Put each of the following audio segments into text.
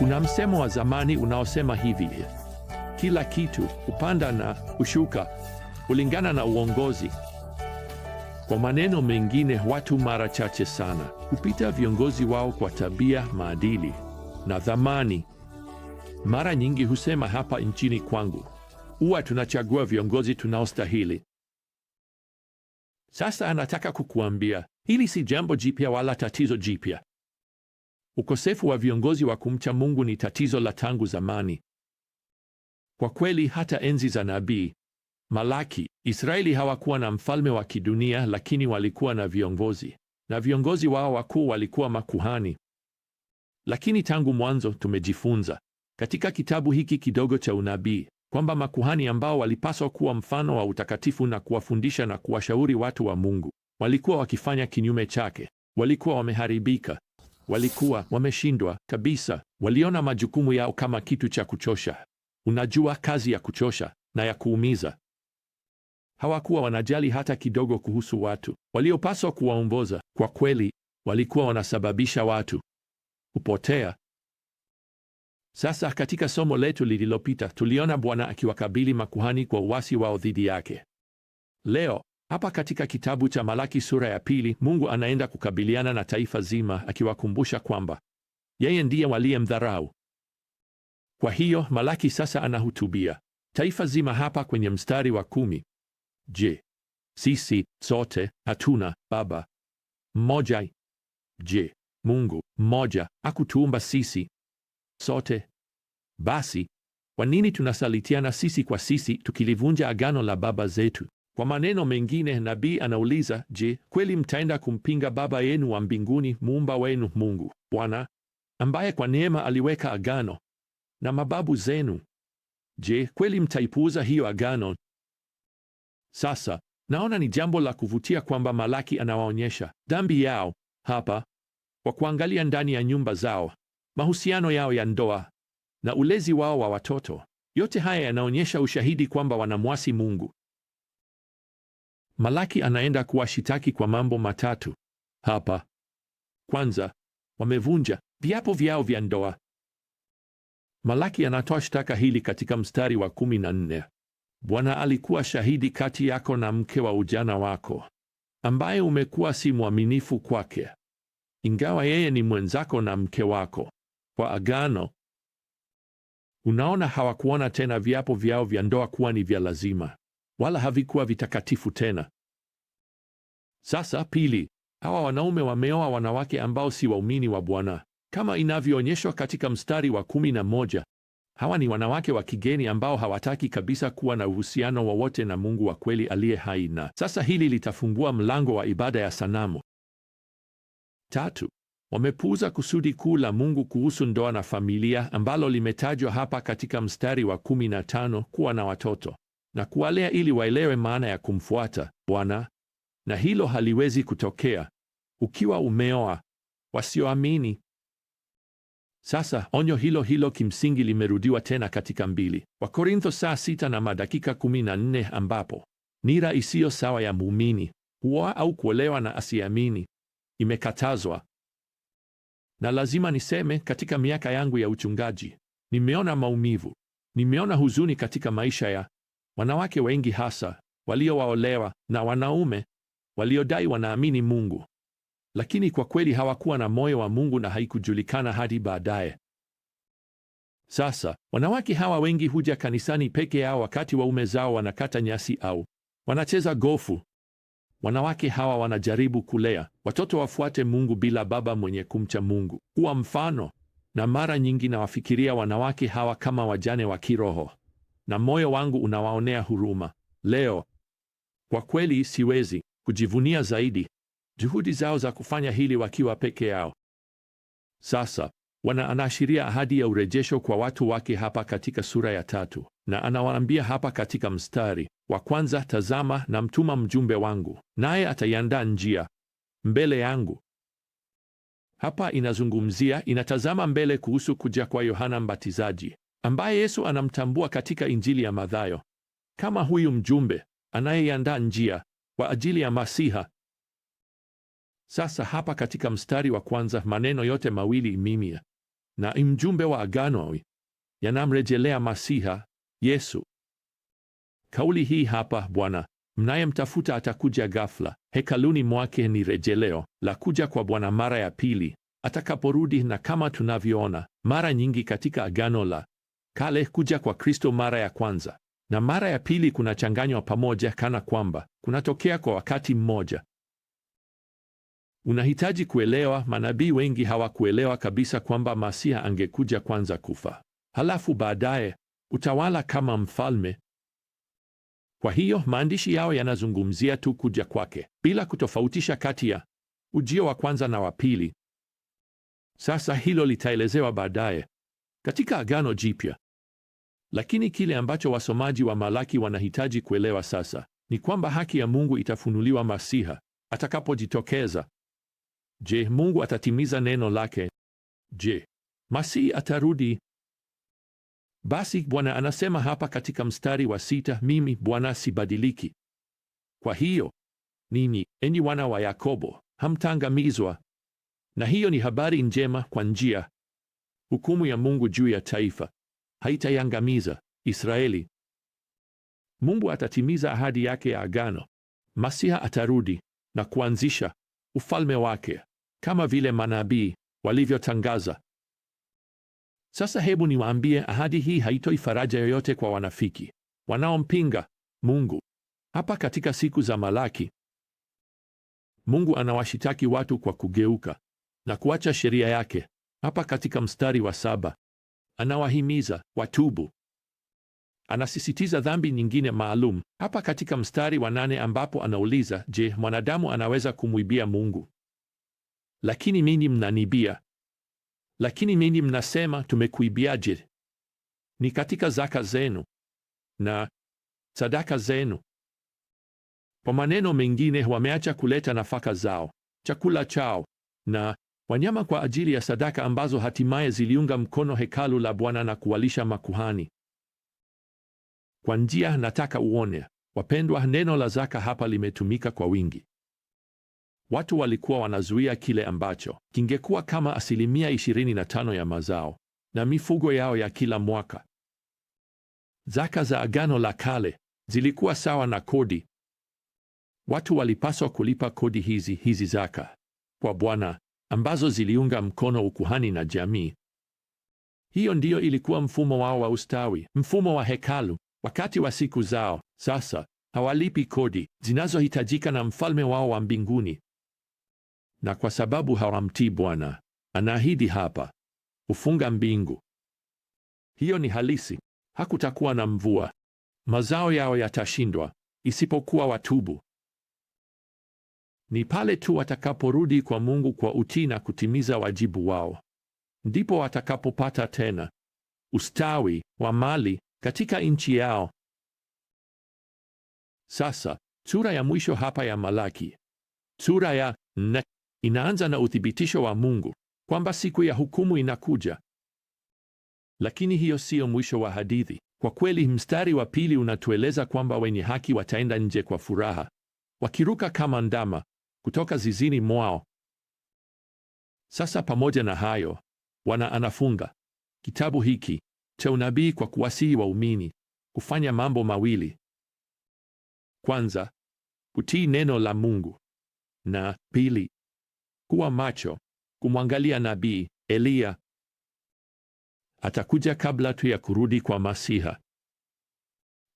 Kuna msemo wa zamani unaosema hivi, kila kitu upanda na kushuka kulingana na uongozi. Kwa maneno mengine, watu mara chache sana hupita viongozi wao kwa tabia, maadili na dhamani. Mara nyingi husema hapa nchini kwangu, huwa tunachagua viongozi tunaostahili. Sasa anataka kukuambia hili si jambo jipya wala tatizo jipya. Ukosefu wa viongozi wa kumcha Mungu ni tatizo la tangu zamani. Kwa kweli, hata enzi za nabii Malaki, Israeli hawakuwa na mfalme wa kidunia, lakini walikuwa na viongozi, na viongozi wao wakuu walikuwa makuhani. Lakini tangu mwanzo tumejifunza katika kitabu hiki kidogo cha unabii kwamba makuhani ambao walipaswa kuwa mfano wa utakatifu na kuwafundisha na kuwashauri watu wa Mungu walikuwa wakifanya kinyume chake, walikuwa wameharibika walikuwa wameshindwa kabisa. Waliona majukumu yao kama kitu cha kuchosha, unajua, kazi ya kuchosha na ya kuumiza. Hawakuwa wanajali hata kidogo kuhusu watu waliopaswa kuwaongoza. Kwa kweli, walikuwa wanasababisha watu kupotea. Sasa katika somo letu lililopita tuliona Bwana akiwakabili makuhani kwa uasi wao dhidi yake. Leo hapa katika kitabu cha Malaki sura ya pili, Mungu anaenda kukabiliana na taifa zima akiwakumbusha kwamba yeye ndiye waliyemdharau. Kwa hiyo Malaki sasa anahutubia taifa zima hapa kwenye mstari wa kumi. Je, sisi sote hatuna baba mmoja? Je, Mungu mmoja akutuumba sisi sote? Basi kwa nini tunasalitiana sisi kwa sisi tukilivunja agano la baba zetu? Kwa maneno mengine, nabii anauliza, je, kweli mtaenda kumpinga Baba yenu wa mbinguni, muumba wenu, Mungu Bwana ambaye kwa neema aliweka agano na mababu zenu? Je, kweli mtaipuuza hiyo agano? Sasa naona ni jambo la kuvutia kwamba Malaki anawaonyesha dhambi yao hapa kwa kuangalia ndani ya nyumba zao, mahusiano yao ya ndoa na ulezi wao wa watoto. Yote haya yanaonyesha ushahidi kwamba wanamwasi Mungu. Malaki anaenda kuwashitaki kwa mambo matatu hapa. Kwanza, wamevunja viapo vyao vya ndoa. Malaki anatoa shtaka hili katika mstari wa kumi na nne: Bwana alikuwa shahidi kati yako na mke wa ujana wako, ambaye umekuwa si mwaminifu kwake, ingawa yeye ni mwenzako na mke wako kwa agano. Unaona, hawakuona tena viapo vyao vya ndoa kuwa ni vya lazima wala havikuwa vitakatifu tena. Sasa pili, hawa wanaume wameoa wanawake ambao si waumini wa Bwana kama inavyoonyeshwa katika mstari wa kumi na moja. Hawa ni wanawake wa kigeni ambao hawataki kabisa kuwa na uhusiano wowote na Mungu wa kweli aliye hai, na sasa hili litafungua mlango wa ibada ya sanamu. Tatu, wamepuuza kusudi kuu la Mungu kuhusu ndoa na familia ambalo limetajwa hapa katika mstari wa 15 kuwa na watoto na kuwalea ili waelewe maana ya kumfuata Bwana, na hilo haliwezi kutokea ukiwa umeoa wasioamini. Sasa onyo hilo hilo kimsingi limerudiwa tena katika mbili Wakorintho saa sita na madakika kumi na nne ambapo nira isiyo sawa ya muumini huoa au kuolewa na asiamini imekatazwa. Na lazima niseme, katika miaka yangu ya uchungaji nimeona maumivu, nimeona huzuni katika maisha ya Wanawake wengi hasa waliowaolewa na wanaume waliodai wanaamini Mungu, lakini kwa kweli hawakuwa na moyo wa Mungu na haikujulikana hadi baadaye. Sasa wanawake hawa wengi huja kanisani peke yao wakati waume zao wanakata nyasi au wanacheza gofu. Wanawake hawa wanajaribu kulea watoto wafuate Mungu bila baba mwenye kumcha Mungu kuwa mfano, na mara nyingi nawafikiria wanawake hawa kama wajane wa kiroho na moyo wangu unawaonea huruma leo. Kwa kweli siwezi kujivunia zaidi juhudi zao za kufanya hili wakiwa peke yao. Sasa wana anaashiria ahadi ya urejesho kwa watu wake hapa katika sura ya tatu, na anawaambia hapa katika mstari wa kwanza, tazama, namtuma mjumbe wangu, naye ataiandaa njia mbele yangu. Hapa inazungumzia, inatazama mbele kuhusu kuja kwa Yohana Mbatizaji ambaye Yesu anamtambua katika Injili ya Mathayo kama huyu mjumbe anayeandaa njia kwa ajili ya Masiha. Sasa hapa katika mstari wa kwanza, maneno yote mawili mimi na mjumbe wa agano yanamrejelea Masiha Yesu. Kauli hii hapa, Bwana mnayemtafuta atakuja ghafla, hekaluni mwake, ni rejeleo la kuja kwa Bwana mara ya pili atakaporudi, na kama tunavyoona mara nyingi katika agano la kale kuja kwa Kristo mara ya kwanza na mara ya pili kunachanganywa pamoja, kana kwamba kunatokea kwa wakati mmoja. Unahitaji kuelewa, manabii wengi hawakuelewa kabisa kwamba Masiha angekuja kwanza kufa, halafu baadaye utawala kama mfalme. Kwa hiyo maandishi yao yanazungumzia tu kuja kwake bila kutofautisha kati ya ujio wa kwanza na wa pili. Sasa hilo litaelezewa baadaye katika Agano Jipya. Lakini kile ambacho wasomaji wa Malaki wanahitaji kuelewa sasa ni kwamba haki ya Mungu itafunuliwa Masiha atakapojitokeza. Je, Mungu atatimiza neno lake? Je, Masihi atarudi? Basi Bwana anasema hapa katika mstari wa sita, mimi Bwana sibadiliki. Kwa hiyo ninyi, enyi wana wa Yakobo, hamtangamizwa. Na hiyo ni habari njema kwa njia hukumu ya Mungu juu ya taifa haitaiangamiza Israeli. Mungu atatimiza ahadi yake ya agano. Masiha atarudi na kuanzisha ufalme wake kama vile manabii walivyotangaza. Sasa hebu niwaambie, ahadi hii haitoi faraja yoyote kwa wanafiki wanaompinga Mungu. Hapa katika siku za Malaki, Mungu anawashitaki watu kwa kugeuka na kuacha sheria yake. Hapa katika mstari wa saba anawahimiza watubu. Anasisitiza dhambi nyingine maalum hapa katika mstari wa nane ambapo anauliza, je, mwanadamu anaweza kumwibia Mungu? Lakini ninyi mnanibia. Lakini ninyi mnasema, tumekuibiaje? Ni katika zaka zenu na sadaka zenu. Kwa maneno mengine, wameacha kuleta nafaka zao, chakula chao na wanyama kwa ajili ya sadaka ambazo hatimaye ziliunga mkono hekalu la Bwana na kuwalisha makuhani. Kwa njia, nataka uone wapendwa, neno la zaka hapa limetumika kwa wingi. Watu walikuwa wanazuia kile ambacho kingekuwa kama asilimia 25 ya mazao na mifugo yao ya kila mwaka. Zaka za Agano la Kale zilikuwa sawa na kodi. Watu walipaswa kulipa kodi hizi hizi zaka kwa Bwana ambazo ziliunga mkono ukuhani na jamii. Hiyo ndiyo ilikuwa mfumo wao wa ustawi, mfumo wa hekalu wakati wa siku zao. Sasa hawalipi kodi zinazohitajika na mfalme wao wa mbinguni, na kwa sababu hawamtii Bwana, anaahidi hapa ufunga mbingu. Hiyo ni halisi. Hakutakuwa na mvua, mazao yao yatashindwa isipokuwa watubu. Ni pale tu watakaporudi kwa Mungu kwa utii na kutimiza wajibu wao, ndipo watakapopata tena ustawi wa mali katika nchi yao. Sasa sura ya mwisho hapa ya Malaki, sura ya nne, inaanza na uthibitisho wa Mungu kwamba siku ya hukumu inakuja. Lakini hiyo siyo mwisho wa hadithi. Kwa kweli, mstari wa pili unatueleza kwamba wenye haki wataenda nje kwa furaha wakiruka kama ndama kutoka zizini mwao. Sasa pamoja na hayo, Bwana anafunga kitabu hiki cha unabii kwa kuwasihi waumini kufanya mambo mawili: kwanza, kutii neno la Mungu, na pili, kuwa macho kumwangalia nabii Eliya atakuja kabla tu ya kurudi kwa Masiha.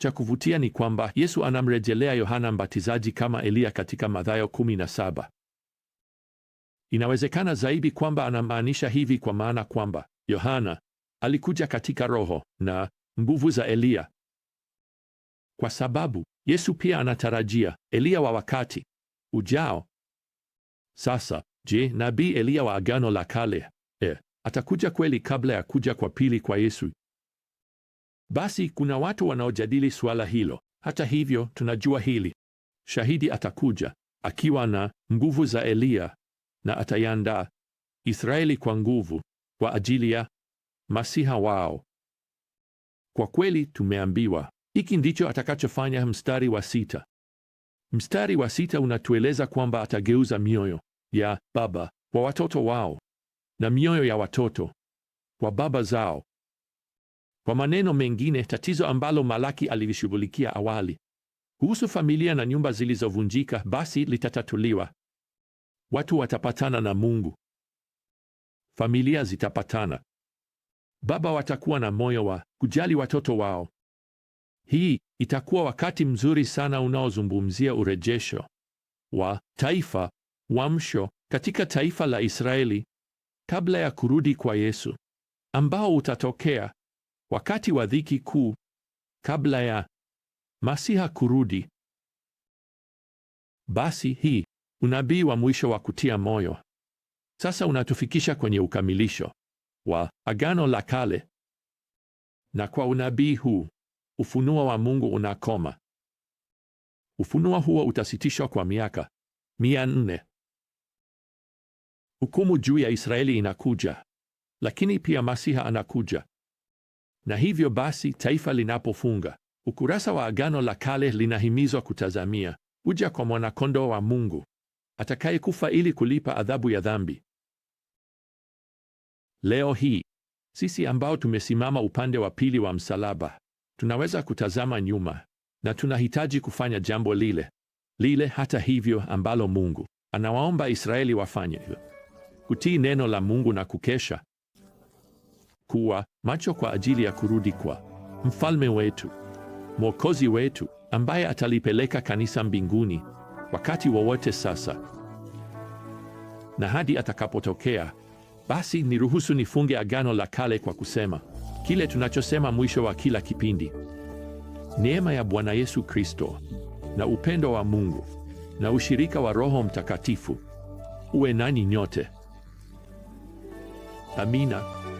Cha kuvutia ni kwamba Yesu anamrejelea Yohana Mbatizaji kama Eliya katika Mathayo 17. Inawezekana zaidi kwamba anamaanisha hivi kwa maana kwamba Yohana alikuja katika roho na nguvu za Eliya, kwa sababu Yesu pia anatarajia Eliya wa wakati ujao. Sasa je, nabii Eliya wa Agano la Kale e, atakuja kweli kabla ya kuja kwa pili kwa Yesu? Basi kuna watu wanaojadili suala hilo. Hata hivyo, tunajua hili: shahidi atakuja akiwa na nguvu za Eliya na atayandaa Israeli kwa nguvu kwa ajili ya masiha wao. Kwa kweli tumeambiwa hiki ndicho atakachofanya. Mstari wa sita, mstari wa sita unatueleza kwamba atageuza mioyo ya baba kwa watoto wao na mioyo ya watoto kwa baba zao kwa maneno mengine, tatizo ambalo Malaki alilishughulikia awali kuhusu familia na nyumba zilizovunjika basi litatatuliwa. Watu watapatana na Mungu, familia zitapatana, baba watakuwa na moyo wa kujali watoto wao. Hii itakuwa wakati mzuri sana unaozungumzia urejesho wa taifa, uamsho katika taifa la Israeli kabla ya kurudi kwa Yesu ambao utatokea wakati wa dhiki kuu kabla ya Masiha kurudi. Basi hii unabii wa mwisho wa kutia moyo sasa unatufikisha kwenye ukamilisho wa Agano la Kale, na kwa unabii huu ufunuo wa Mungu unakoma. Ufunuo huo utasitishwa kwa miaka mia nne. Hukumu juu ya Israeli inakuja, lakini pia Masiha anakuja. Na hivyo basi, taifa linapofunga ukurasa wa Agano la Kale, linahimizwa kutazamia uja kwa mwanakondoo wa Mungu atakayekufa ili kulipa adhabu ya dhambi. Leo hii sisi ambao tumesimama upande wa pili wa msalaba tunaweza kutazama nyuma na tunahitaji kufanya jambo lile lile, hata hivyo, ambalo Mungu anawaomba Israeli wafanye: kutii neno la Mungu na kukesha kuwa macho kwa ajili ya kurudi kwa mfalme wetu, mwokozi wetu, ambaye atalipeleka kanisa mbinguni wakati wowote sasa na hadi atakapotokea. Basi niruhusu nifunge Agano la Kale kwa kusema kile tunachosema mwisho wa kila kipindi: neema ya Bwana Yesu Kristo na upendo wa Mungu na ushirika wa Roho Mtakatifu uwe nani nyote. Amina.